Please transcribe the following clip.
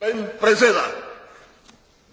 Ben preseda.